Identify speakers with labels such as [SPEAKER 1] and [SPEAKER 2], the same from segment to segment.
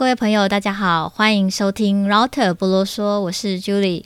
[SPEAKER 1] 各位朋友，大家好，歡迎收聽 Router 不囉嗦。我是 Julie。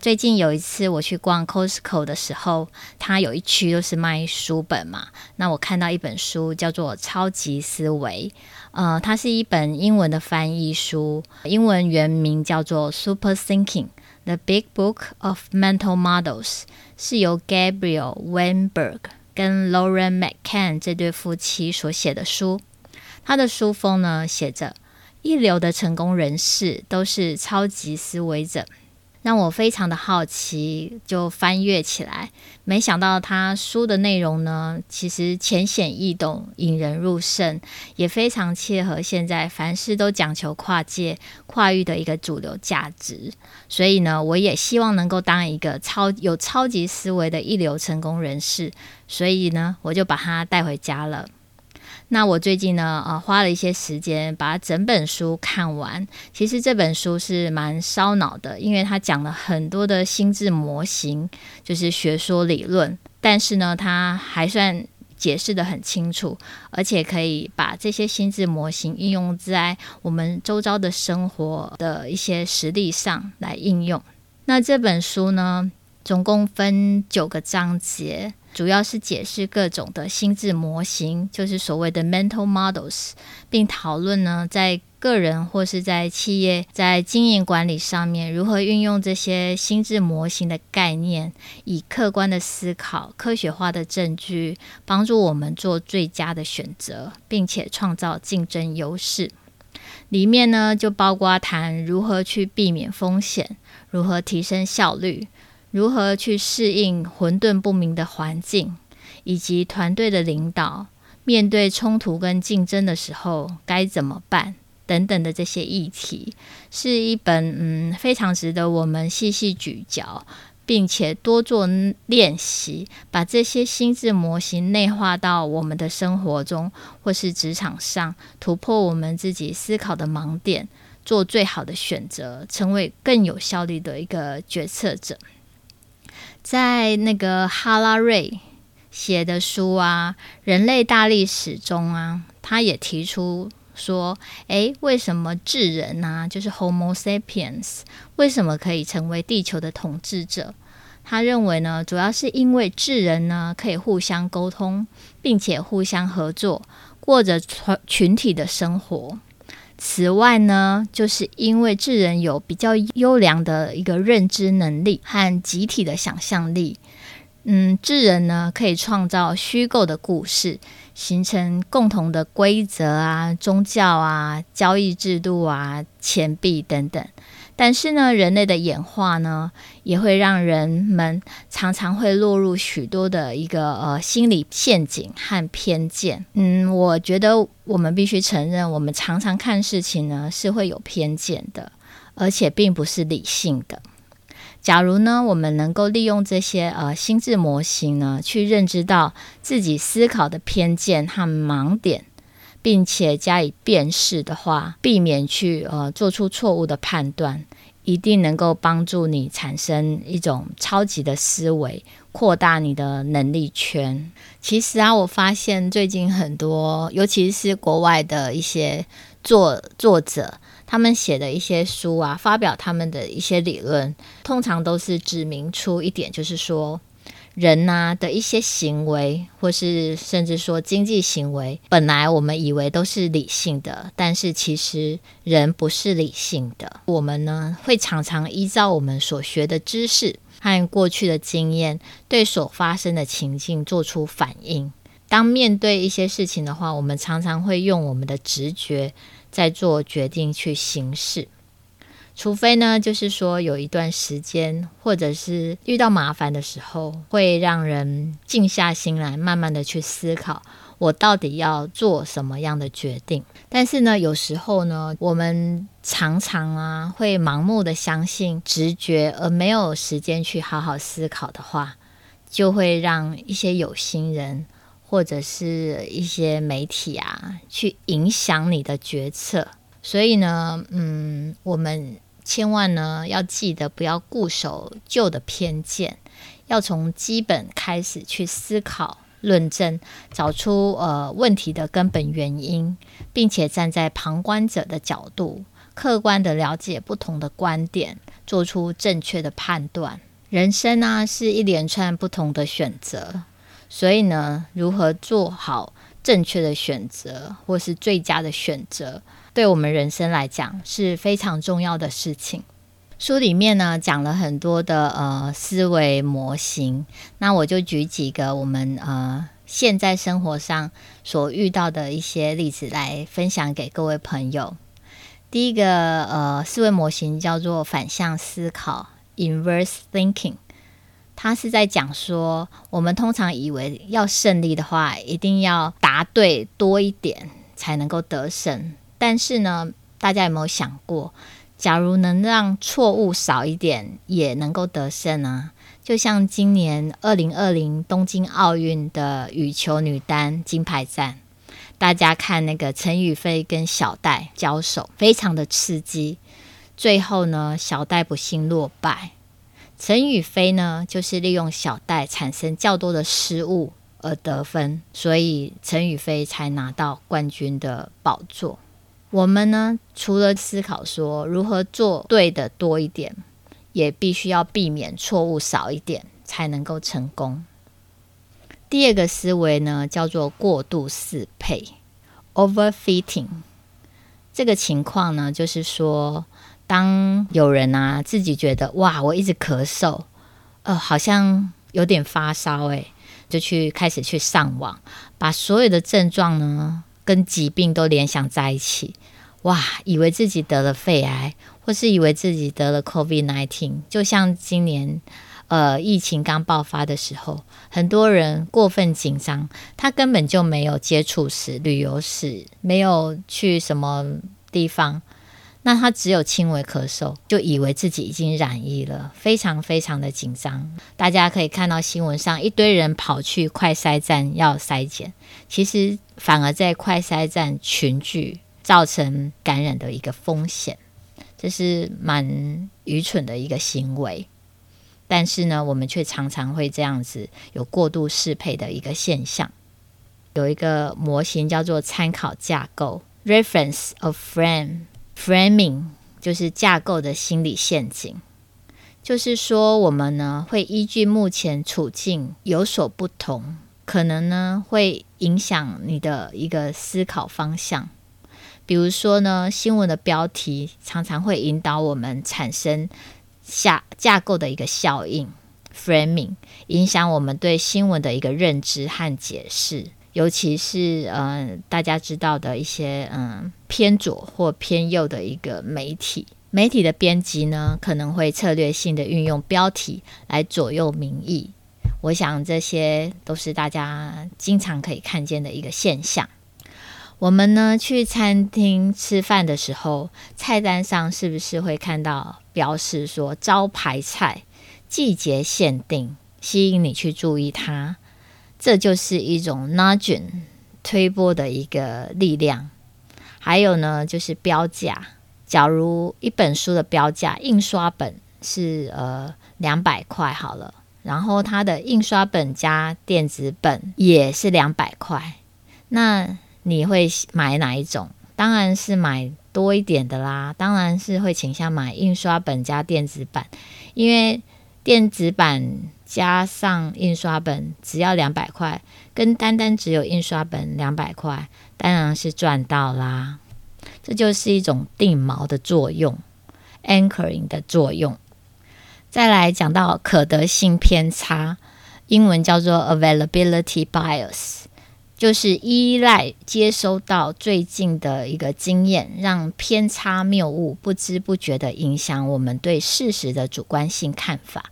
[SPEAKER 1] 最近有一次我去逛 Costco 的時候，它有一區都是賣書本嘛。那我看到一本書叫做《超級思維》，呃，它是一本英文的翻譯書，英文原名叫做《Super Thinking: The Big Book of Mental Models》，是由 Gabriel Weinberg 跟 Lauren McCann 這對夫妻所寫的書。他的書封呢寫着。一流的成功人士都是超級思維者，讓我非常的好奇，就翻閱起來。沒想到他書的內容呢，其實淺顯易懂，引人入勝，也非常切合現在凡事都講求跨界跨域的一個主流價值。所以呢，我也希望能夠當一個超有超級思維的一流成功人士。所以呢，我就把它帶回家了。那我最近呢，呃，花了一些時間把整本書看完。其實這本書是蠻燒腦的，因為它講了很多的心智模型，就是學說理論。但是呢，它還算解釋得很清楚，而且可以把這些心智模型應用在我們周遭的生活的一些實例上來應用。那這本書呢，總共分九個章節。主要是解釋各種的心智模型，就是所謂的 mental models，並討論呢，在個人或是在企業在經營管理上面，如何運用這些心智模型的概念，以客觀的思考、科學化的證據，幫助我們做最佳的選擇，並且創造競爭優勢。裡面呢，就包括談如何去避免風險，如何提升效率。如何去適應混沌不明的環境，以及團隊的領導面對衝突跟競爭的時候該怎麼辦等等的這些議題，是一本嗯非常值得我們細細咀嚼，並且多做練習，把這些心智模型內化到我們的生活中或是職場上，突破我們自己思考的盲點，做最好的選擇，成為更有效率的一個決策者。在那個哈拉瑞寫的書啊，《人類大歷史》中啊，他也提出說：“誒，為什麼智人啊，就是 Homo sapiens，為什麼可以成為地球的統治者？”他認為呢，主要是因為智人呢可以互相溝通，並且互相合作，過着群群體的生活。此外呢，就是因為智人有比較優良的一個認知能力和集體的想象力嗯，智人呢可以創造虛構的故事，形成共同的規則啊、宗教啊、交易制度啊、錢幣等等。但是呢，人類的演化呢，也會讓人們常常會落入許多的一個呃心理陷阱和偏見。嗯，我覺得我們必須承認，我們常常看事情呢是會有偏見的，而且並不是理性的。假如呢，我們能夠利用這些呃心智模型呢，去認知到自己思考的偏見和盲點。並且加以辨識的話，避免去呃做出錯誤的判斷，一定能夠幫助你產生一種超級的思維，擴大你的能力圈。其實啊，我發現最近很多，尤其是國外的一些作作者，他們寫的一些書啊，發表他們的一些理論，通常都是指明出一點，就是說。人吶的一些行為，或是甚至說經濟行為，本來我們以為都是理性的，但是其實人不是理性的。我們呢會常常依照我們所學的知識和過去的經驗，對所發生的情境做出反應。當面對一些事情的話，我們常常會用我們的直覺在做決定去行事。除非呢，就是說有一段時間，或者是遇到麻煩的時候，會讓人靜下心來，慢慢的去思考，我到底要做什麼樣的決定。但是呢，有時候呢，我們常常啊，會盲目的相信直覺，而沒有時間去好好思考的話，就會讓一些有心人，或者是一些媒體啊，去影響你的決策。所以呢，嗯，我們。千萬呢要記得不要固守舊的偏見，要從基本開始去思考、論證，找出呃問題的根本原因，並且站在旁觀者的角度，客觀地了解不同的觀點，做出正確的判斷。人生呢、啊、是一連串不同的選擇，所以呢，如何做好正確的選擇或是最佳的選擇？對我們人生來講是非常重要的事情。書裡面呢講了很多的呃思維模型，那我就舉幾個我們呃現在生活上所遇到的一些例子來分享給各位朋友。第一個呃思維模型叫做反向思考 （inverse thinking），它是在講說，我們通常以為要勝利的話，一定要答對多一點才能夠得勝。但是呢，大家有沒有想過，假如能讓錯誤少一點，也能夠得勝呢、啊？就像今年二零二零東京奧運的羽球女單金牌戰，大家看那個陳雨菲跟小戴交手，非常的刺激。最後呢，小戴不幸落敗，陳雨菲呢，就是利用小戴產生較多的失誤而得分，所以陳雨菲才拿到冠軍的寶座。我們呢，除了思考說如何做對的多一點，也必須要避免錯誤少一點，才能夠成功。第二個思維呢，叫做過度適配 （overfitting）。這個情況呢，就是說，當有人啊自己覺得哇，我一直咳嗽，呃，好像有點發燒，欸，就去開始去上網，把所有的症狀呢，跟疾病都聯想在一起，哇！以為自己得了肺癌，或是以為自己得了 COVID-19。就像今年，呃，疫情剛爆發的時候，很多人過分緊張，他根本就沒有接觸史、旅遊史，沒有去什麼地方。那他只有輕微咳嗽，就以為自己已經染疫了，非常非常的緊張。大家可以看到新聞上一堆人跑去快篩站要篩檢，其實反而在快篩站群聚，造成感染的一個風險，這是蠻愚蠢的一個行為。但是呢，我們卻常常會這樣子有過度適配的一個現象。有一個模型叫做參考架構 （Reference of Frame）。Framing 就是架構的心理陷阱，就是說我們呢會依據目前處境有所不同，可能呢會影響你的一個思考方向。比如說呢，新聞的標題常常會引導我們產生架架構的一個效應，Framing 影響我們對新聞的一個認知和解釋，尤其是呃大家知道的一些嗯。呃偏左或偏右的一個媒體，媒體的編輯呢，可能會策略性的運用標題來左右民意。我想這些都是大家經常可以看見的一個現象。我們呢去餐廳吃飯的時候，菜單上是不是會看到標示說招牌菜、季節限定，吸引你去注意它？這就是一種 Nudge 推波的一個力量。還有呢，就是標價。假如一本書的標價，印刷本是呃兩百塊好了，然後它的印刷本加電子本也是兩百塊，那你會買哪一種？當然是買多一點的啦，當然是會傾向買印刷本加電子版，因為電子版加上印刷本只要兩百塊，跟單單只有印刷本兩百塊。當然是賺到啦，這就是一種定錨的作用 （anchoring） 的作用。再來講到可得性偏差，英文叫做 availability bias，就是依賴接收到最近的一個經驗，讓偏差謬誤不知不覺地影響我們對事實的主觀性看法。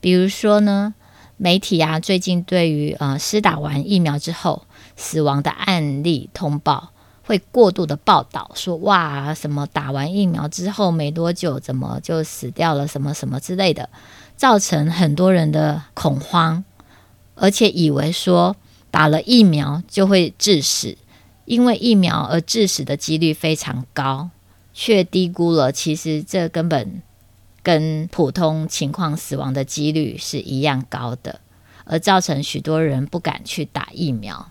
[SPEAKER 1] 比如說呢，媒體啊，最近對於呃，施打完疫苗之後。死亡的案例通報會過度的報道說，說哇什麼打完疫苗之後沒多久怎麼就死掉了什麼什麼之類的，造成很多人的恐慌，而且以為說打了疫苗就會致死，因為疫苗而致死的幾率非常高，卻低估了其實這根本跟普通情況死亡的幾率是一樣高的，而造成許多人不敢去打疫苗。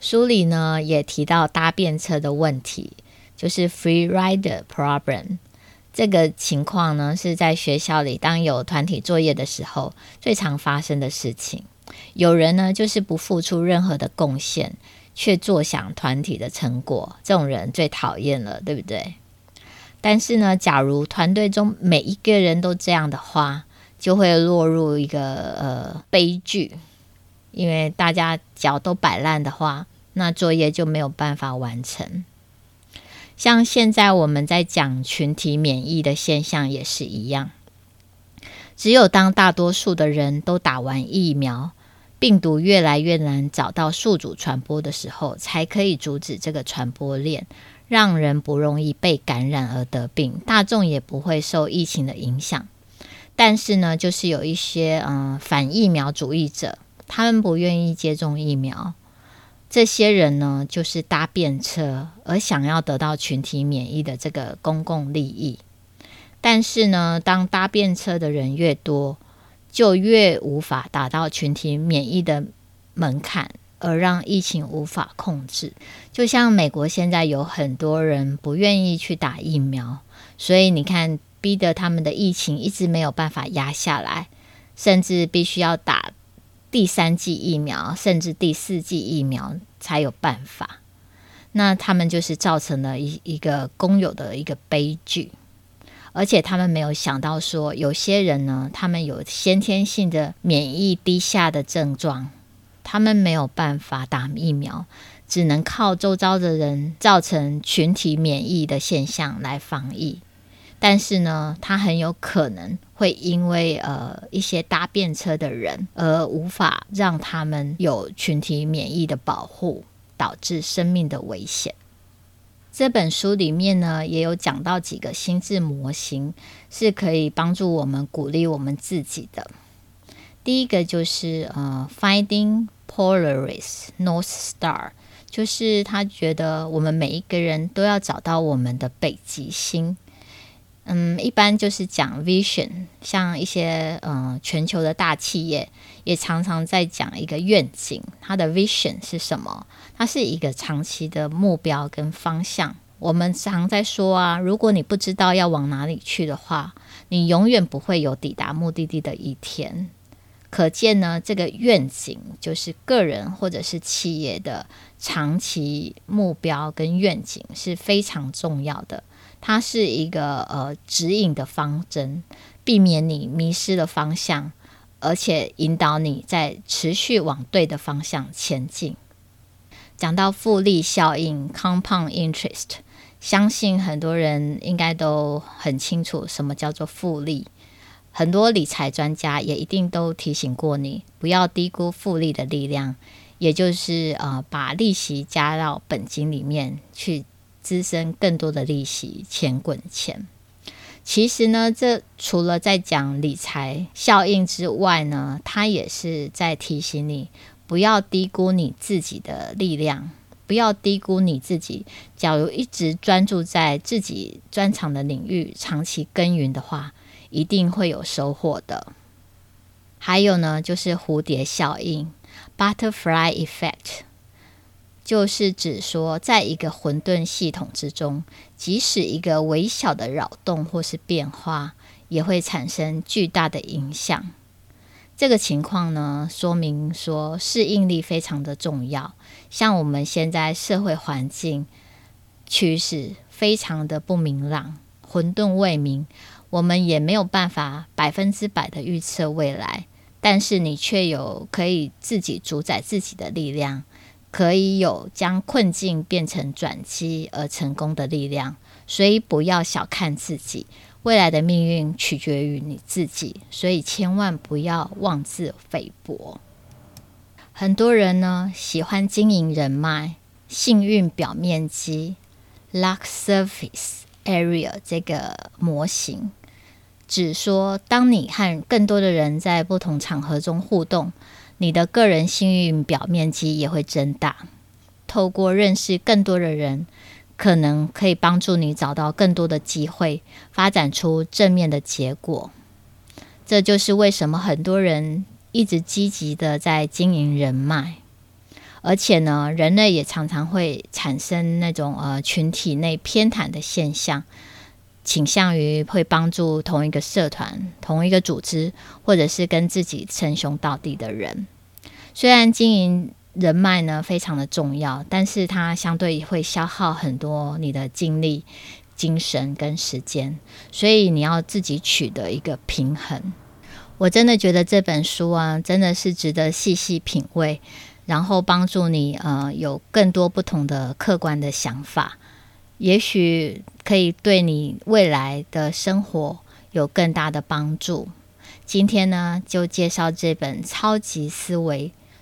[SPEAKER 1] 書裡呢也提到搭便車的問題，就是 free rider problem。這個情況呢是在學校裡，當有團體作業的時候，最常發生的事情。有人呢就是不付出任何的貢獻，卻坐享團體的成果，這種人最討厭了，對不對？但是呢，假如團隊中每一個人都這樣的話，就會落入一個呃悲劇。因為大家腳都擺爛的話，那作業就沒有辦法完成。像現在我們在講群體免疫的現象也是一樣，只有當大多數的人都打完疫苗，病毒，越來越難找到宿主傳播的時候，才可以阻止這個傳播鏈，讓人不容易被感染而得病，大眾也不會受疫情的影響。但是呢，就是有一些嗯、呃、反疫苗主義者。他們不願意接種疫苗，這些人呢，就是搭便車，而想要得到群體免疫的這個公共利益。但是呢，當搭便車的人越多，就越無法達到群體免疫的門檻，而讓疫情無法控制。就像美國現在有很多人不願意去打疫苗，所以你看，逼得他們的疫情一直沒有辦法壓下來，甚至必須要打。第三劑疫苗，甚至第四劑疫苗才有辦法。那他們就是造成了一一個公有的一個悲劇，而且他們沒有想到說，有些人呢，他們有先天性的免疫低下的症狀，他們沒有辦法打疫苗，只能靠周遭的人造成群體免疫的現象來防疫。但是呢，他很有可能會因為呃一些搭便車的人而無法讓他們有群體免疫的保護，導致生命的危險。這本書裡面呢，也有講到幾個心智模型是可以幫助我們鼓勵我們自己的。第一個就是呃，Finding Polaris, North Star，就是他覺得我們每一個人都要找到我們的北極星。嗯，一般就是講 vision，像一些嗯、呃、全球的大企業也常常在講一個願景，它的 vision 是什麼？它是一個長期的目標跟方向。我們常在說啊，如果你不知道要往哪裡去的話，你永遠不會有抵達目的地的一天。可見呢，這個願景就是個人或者是企業的長期目標跟願景是非常重要的。它是一個呃指引的方針，避免你迷失了方向，而且引導你在持續往對的方向前進。講到複利效應 （compound interest），相信很多人應該都很清楚什麼叫做複利。很多理財專家也一定都提醒過你，不要低估複利的力量，也就是呃把利息加到本金裡面去。滋生更多的利息，錢滾錢。其實呢，這除了在講理財效應之外呢，它也是在提醒你不要低估你自己的力量，不要低估你自己。假如一直專注在自己專長的領域，長期耕耘的話，一定會有收穫的。還有呢，就是蝴蝶效應 （Butterfly Effect）。就是指說，在一個混沌系統之中，即使一個微小的擾動或是變化，也會產生巨大的影響。這個情況呢，說明說適應力非常的重要。像我們現在社會環境趨勢非常的不明朗，混沌未明，我們也沒有辦法百分之百的預測未來，但是你卻有可以自己主宰自己的力量。可以有將困境變成轉機而成功的力量，所以不要小看自己。未來的命運取決於你自己，所以千萬不要妄自菲薄。很多人呢喜歡經營人脈，幸運表面積 （luck surface area） 這個模型，只說，當你和更多的人在不同場合中互動。你的個人幸運表面積也會增大。透過認識更多的人，可能可以幫助你找到更多的機會，發展出正面的結果。這就是為什麼很多人一直積極的在經營人脈。而且呢，人類也常常會產生那種呃群體內偏袒的現象，傾向於會幫助同一個社團、同一個組織，或者是跟自己稱兄道弟的人。雖然經營人脈呢，非常的重要，但是它相對會消耗很多你的精力、精神跟時間，所以你要自己取得一個平衡。我真的覺得這本書啊，真的是值得細細品味，然後幫助你呃有更多不同的客觀的想法。也許可以對你未來的生活有更大的幫助。今天呢，就介紹這本《超級思維》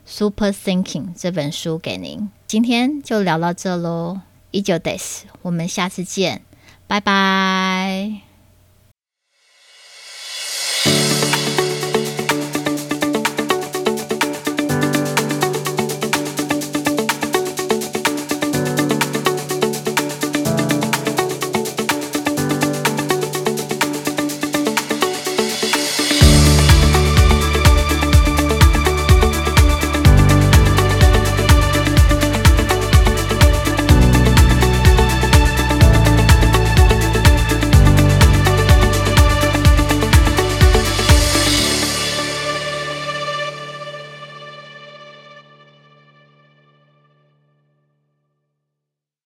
[SPEAKER 1] （Super Thinking） 這本書給您。今天就聊到這嘍，一九 days，我們下次見，拜拜。